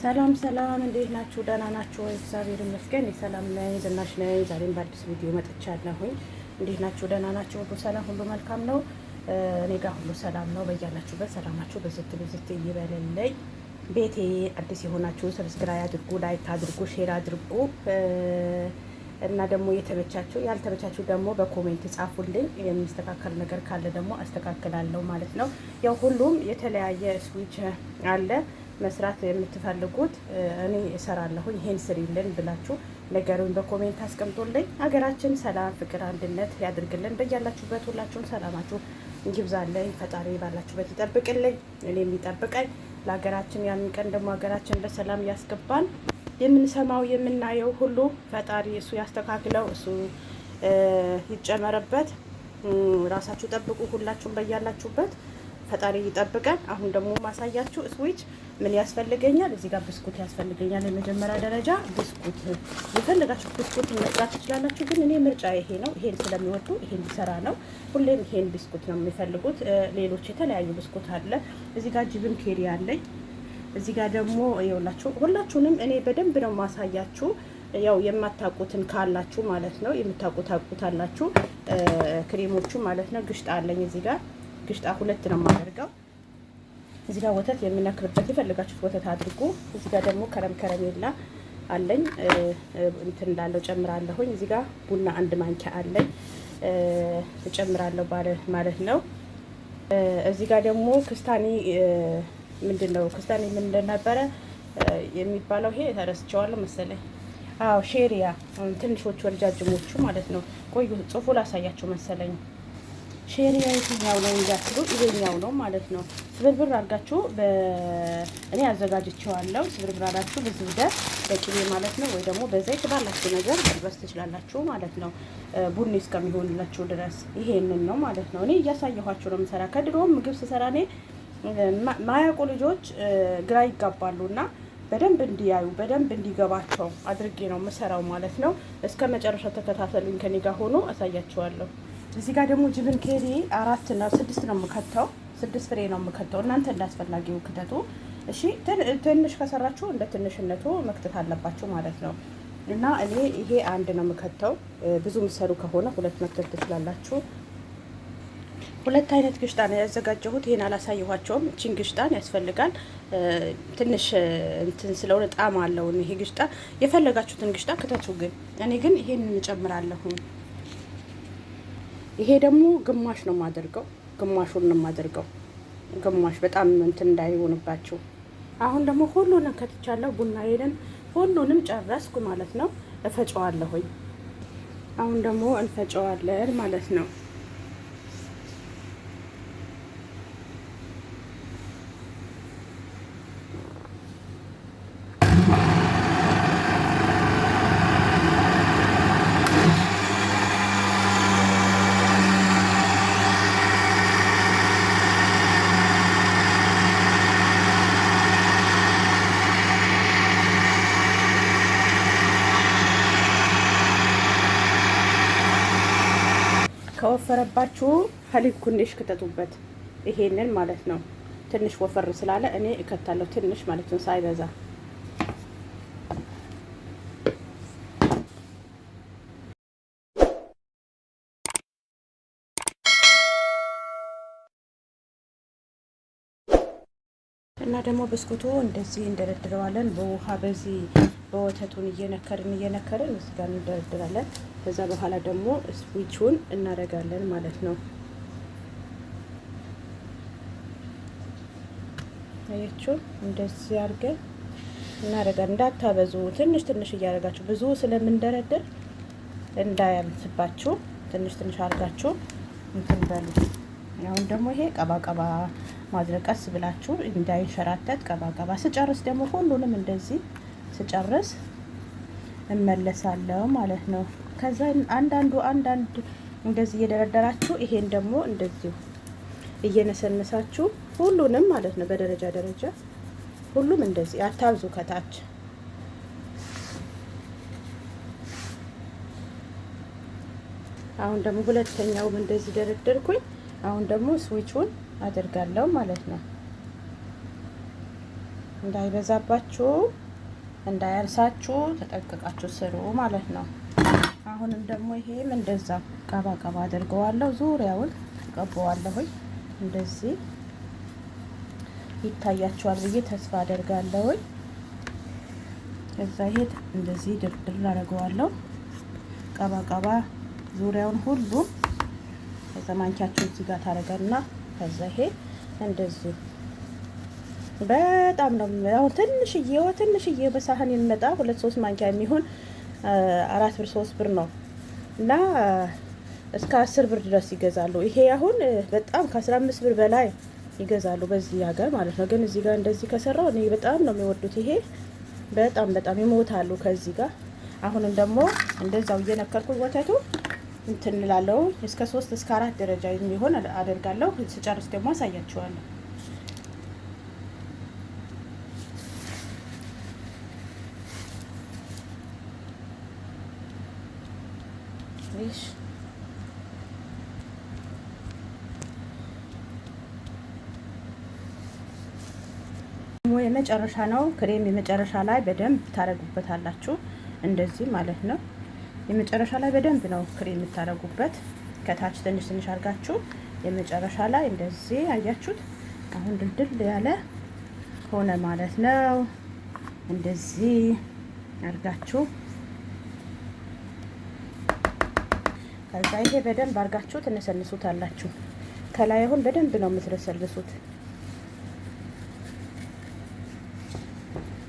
ሰላም ሰላም፣ እንዴት ናችሁ? ደህና ናችሁ ወይ? እግዚአብሔር ይመስገን የሰላም ነኝ፣ ዝናሽ ነኝ። ዛሬም በአዲስ ቪዲዮ መጥቻለሁኝ። እንዴት ናችሁ? ደህና ናችሁ? ሁሉ ሰላም፣ ሁሉ መልካም ነው። እኔ ጋር ሁሉ ሰላም ነው። በያላችሁበት ሰላማችሁ በዝት ብዝት ይበልልኝ። ቤቴ አዲስ የሆናችሁ ሰብስክራይብ አድርጉ፣ ላይክ አድርጉ፣ ሼር አድርጉ እና ደግሞ የተመቻችሁ ያልተመቻችሁ ደግሞ በኮሜንት ጻፉልኝ። የሚስተካከል ነገር ካለ ደግሞ አስተካክላለሁ ማለት ነው። ያው ሁሉም የተለያየ ስዊች አለ መስራት የምትፈልጉት እኔ እሰራለሁ፣ ይሄን ስሪልን ብላችሁ ነገሩን በኮሜንት አስቀምጦልኝ። ሀገራችን ሰላም፣ ፍቅር፣ አንድነት ያድርግልን። በያላችሁበት ሁላችሁም ሰላማችሁ ይብዛልኝ። ፈጣሪ ባላችሁበት ይጠብቅልኝ፣ እኔ የሚጠብቀኝ ለሀገራችን ያንን ቀን ደግሞ ሀገራችን በሰላም ያስገባን። የምንሰማው የምናየው ሁሉ ፈጣሪ እሱ ያስተካክለው፣ እሱ ይጨመረበት። ራሳችሁ ጠብቁ ሁላችሁም በያላችሁበት ፈጣሪ ይጠብቀን። አሁን ደግሞ ማሳያችሁ ስዊች ምን ያስፈልገኛል። እዚህ ጋር ብስኩት ያስፈልገኛል። የመጀመሪያ ደረጃ ብስኩት የፈለጋችሁ ብስኩት መስራት ትችላላችሁ፣ ግን እኔ ምርጫ ይሄ ነው። ይሄን ስለሚወዱ ይሄን ሊሰራ ነው። ሁሌም ይሄን ብስኩት ነው የሚፈልጉት። ሌሎች የተለያዩ ብስኩት አለ። እዚህ ጋር ጅብን ኬሪ አለኝ። እዚህ ጋር ደግሞ ይኸውላችሁ፣ ሁላችሁንም እኔ በደንብ ነው ማሳያችሁ። ያው የማታውቁትን ካላችሁ ማለት ነው፣ የምታውቁት ታውቁታላችሁ። ክሬሞቹ ማለት ነው። ግሽጣ አለኝ እዚህ ጋር ግሽጣ ሁለት ነው የማደርገው። እዚህ ጋር ወተት የምነክርበት የፈለጋችሁት ወተት አድርጉ። እዚህ ጋር ደግሞ ከረም ከረሜላ አለኝ እንትን እንዳለው ጨምራለሁኝ። እዚህ ጋር ቡና አንድ ማንኪያ አለኝ እጨምራለሁ ማለት ነው። እዚህ ጋር ደግሞ ክስታኒ ምንድን ነው ክስታኒ ምን እንደነበረ የሚባለው? ይሄ ተረስቸዋለሁ መሰለኝ። አዎ ሼሪያ ትንሾቹ ረጃጅሞቹ ማለት ነው። ቆዩ ጽሑፉ ላሳያቸው መሰለኝ። ሼሪያ የትኛው ነው እንዳትሉ ይሄኛው ነው ማለት ነው። ስብርብር አድርጋችሁ እኔ አዘጋጅቼዋለሁ። ስብርብር አድርጋችሁ በዝብደ በቅቤ ማለት ነው ወይ ደግሞ በዘይት ባላችሁ ነገር መልበስ ትችላላችሁ ማለት ነው። ቡኒ እስከሚሆንላችሁ ድረስ ይሄንን ነው ማለት ነው። እኔ እያሳየኋችሁ ነው የምሰራ። ከድሮም ምግብ ስሰራ እኔ ማያውቁ ልጆች ግራ ይጋባሉና በደንብ እንዲያዩ በደንብ እንዲገባቸው አድርጌ ነው የምሰራው ማለት ነው። እስከ መጨረሻ ተከታተሉኝ። ከኔ ጋር ሆኖ አሳያችኋለሁ። እዚህ ጋር ደግሞ ጅብን ኬሪ አራት ነው ስድስት ነው የምከተው፣ ስድስት ፍሬ ነው የምከተው። እናንተ እንዳስፈላጊው ክተቱ። እሺ ትንሽ ከሰራችሁ እንደ ትንሽነቱ መክተት አለባችሁ ማለት ነው። እና እኔ ይሄ አንድ ነው የምከተው። ብዙ የምትሰሩ ከሆነ ሁለት መክተት ትችላላችሁ። ሁለት አይነት ግሽጣን ያዘጋጀሁት ይሄን አላሳየኋቸውም። እቺን ግሽጣን ያስፈልጋል ትንሽ እንትን ስለሆነ ጣም አለውን። ይሄ ግሽጣ የፈለጋችሁትን ግሽጣ ክተቱ። ግን እኔ ግን ይሄን እንጨምራለሁኝ ይሄ ደግሞ ግማሽ ነው የማደርገው፣ ግማሹን ነው የማደርገው። ግማሽ በጣም እንትን እንዳይሆንባቸው። አሁን ደግሞ ሁሉንም ከትቻለሁ። ቡና ሄደን ሁሉንም ጨረስኩ ማለት ነው። እፈጨዋለሁኝ። አሁን ደግሞ እንፈጨዋለን ማለት ነው። ከነበረባችሁ ሀሊብ ኩንሽ ክተቱበት። ይሄንን ማለት ነው። ትንሽ ወፈር ስላለ እኔ እከታለሁ ትንሽ ማለት ነው ሳይበዛ እና ደግሞ ብስኩቱ እንደዚህ እንደረድረዋለን በውሃ በዚህ በወተቱን እየነከርን እየነከርን እዚህ ጋር እንደረድራለን። ከዛ በኋላ ደግሞ ስዊቹን እናደርጋለን ማለት ነው። አያችሁ እንደዚህ አድርገን እናደርጋለን። እንዳታበዙ ትንሽ ትንሽ እያደረጋችሁ ብዙ ስለምንደረድር እንዳያልፍባችሁ ትንሽ ትንሽ አድርጋችሁ እንትን በሉ። አሁን ደግሞ ይሄ ቀባቀባ ማድረግ ቀስ ብላችሁ እንዳይንሸራተት ቀባቀባ። ስጨርስ ደግሞ ሁሉንም እንደዚህ ስጨርስ እመለሳለሁ ማለት ነው። ከዛ አንዳንዱ አንዳንድ እንደዚህ እየደረደራችሁ ይሄን ደግሞ እንደዚሁ እየነሰነሳችሁ ሁሉንም ማለት ነው በደረጃ ደረጃ ሁሉም እንደዚህ አታብዙ ከታች አሁን ደግሞ ሁለተኛውም እንደዚህ ደረደርኩኝ። አሁን ደግሞ ስዊቹን አድርጋለሁ ማለት ነው እንዳይበዛባችሁ እንዳያርሳችሁ ተጠቅቃችሁ ስሩ ማለት ነው። አሁንም ደግሞ ይሄም እንደዛ ቀባ ቀባ አድርገዋለሁ። ዙሪያውን ቀበዋለሁኝ እንደዚህ ይታያችኋል ብዬ ተስፋ አደርጋለሁኝ። እዛ ይሄ እንደዚህ ድርድር አደርገዋለሁ። ቀባ ቀባ ዙሪያውን ሁሉ ከዛ ማንኪያችሁ እዚህ ጋር ታደርጋና ከዛ ይሄ እንደዚህ በጣም ነው። አሁን ትንሽዬ ወ ትንሽዬ በሳህን የሚመጣ ሁለት ሶስት ማንኪያ የሚሆን አራት ብር ሶስት ብር ነው እና እስከ አስር ብር ድረስ ይገዛሉ። ይሄ አሁን በጣም ከአስራ አምስት ብር በላይ ይገዛሉ በዚህ ሀገር ማለት ነው። ግን እዚህ ጋር እንደዚህ ከሰራው እኔ በጣም ነው የሚወዱት። ይሄ በጣም በጣም ይሞታሉ ከዚህ ጋር። አሁንም ደግሞ እንደዛው እየነከርኩ ወተቱ እንትንላለው እስከ ሶስት እስከ አራት ደረጃ የሚሆን አደርጋለሁ። ስጨርስ ደግሞ አሳያችኋለሁ። የመጨረሻ ነው። ክሬም የመጨረሻ ላይ በደንብ ታደርጉበታላችሁ እንደዚህ ማለት ነው። የመጨረሻ ላይ በደንብ ነው ክሬም የምታደርጉበት። ከታች ትንሽ ትንሽ አድርጋችሁ የመጨረሻ ላይ እንደዚህ አያችሁት። አሁን ድልድል ያለ ሆነ ማለት ነው። እንደዚህ አድርጋችሁ ከዛ ይሄ በደንብ አድርጋችሁ ትነሰንሱታላችሁ። አላችሁ። ከላይ አሁን በደንብ ነው የምትለሰልሱት።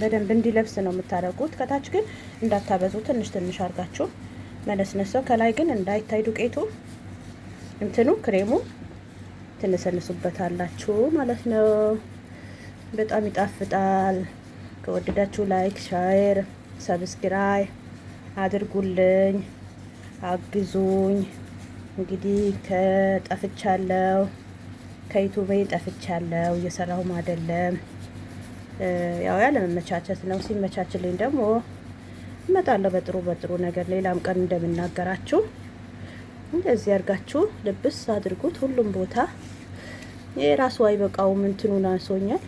በደንብ እንዲለብስ ነው የምታደርጉት። ከታች ግን እንዳታበዙ ትንሽ ትንሽ አድርጋችሁ መነስነሰው። ከላይ ግን እንዳይታይ ዱቄቱ እንትኑ ክሬሙ ትነሰንሱበታላችሁ ማለት ነው። በጣም ይጣፍጣል። ከወደዳችሁ ላይክ፣ ሻየር፣ ሰብስክራይ አድርጉልኝ፣ አግዙኝ። እንግዲህ ከጠፍቻለው ከዩቱቤ ጠፍቻለው፣ እየሰራሁም አይደለም ያው ያለመመቻቸት ነው። ሲመቻችልኝ ደግሞ እመጣለሁ በጥሩ በጥሩ ነገር። ሌላም ቀን እንደምናገራችሁ እንደዚህ አድርጋችሁ ልብስ አድርጉት ሁሉም ቦታ። የራሱ አይበቃውም፣ እንትኑን አንሶኛል።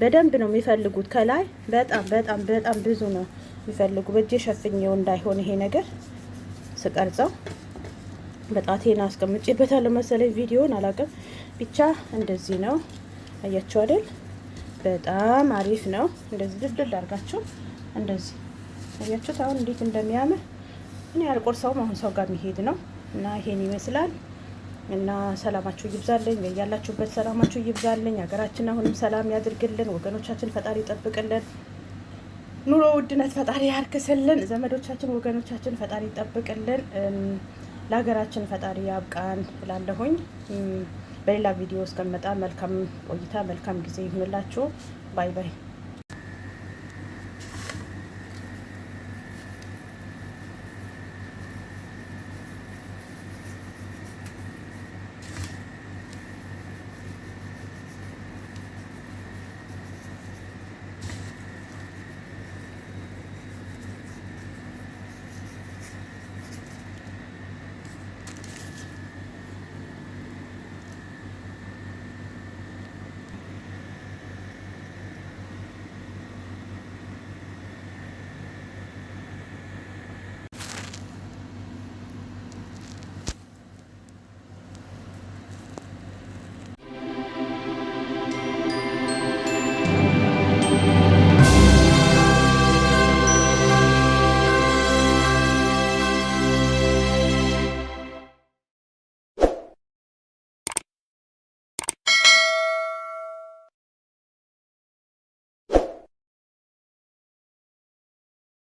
በደንብ ነው የሚፈልጉት ከላይ በጣም በጣም በጣም ብዙ ነው የሚፈልጉ። በእጄ ሸፍኜው እንዳይሆን ይሄ ነገር ስቀርጸው በጣቴን አስቀምጬበታለሁ መሰለኝ ቪዲዮን አላውቅም። ብቻ እንደዚህ ነው አያችሁ አይደል? በጣም አሪፍ ነው። እንደዚህ ድልድል አድርጋችሁ እንደዚህ አያችሁት፣ አሁን እንዴት እንደሚያምር እኔ አልቆርሰውም። አሁን ሰው ጋር የሚሄድ ነው እና ይሄን ይመስላል እና ሰላማችሁ ይብዛልኝ፣ በያላችሁበት ሰላማችሁ ይብዛልኝ። ሀገራችን አሁንም ሰላም ያድርግልን፣ ወገኖቻችን ፈጣሪ ይጠብቅልን። ኑሮ ውድነት ፈጣሪ ያርክስልን፣ ዘመዶቻችን ወገኖቻችን ፈጣሪ ይጠብቅልን፣ ለሀገራችን ፈጣሪ ያብቃን እላለሁኝ። በሌላ ቪዲዮ እስከምመጣ መልካም ቆይታ፣ መልካም ጊዜ ይሁንላችሁ። ባይ ባይ።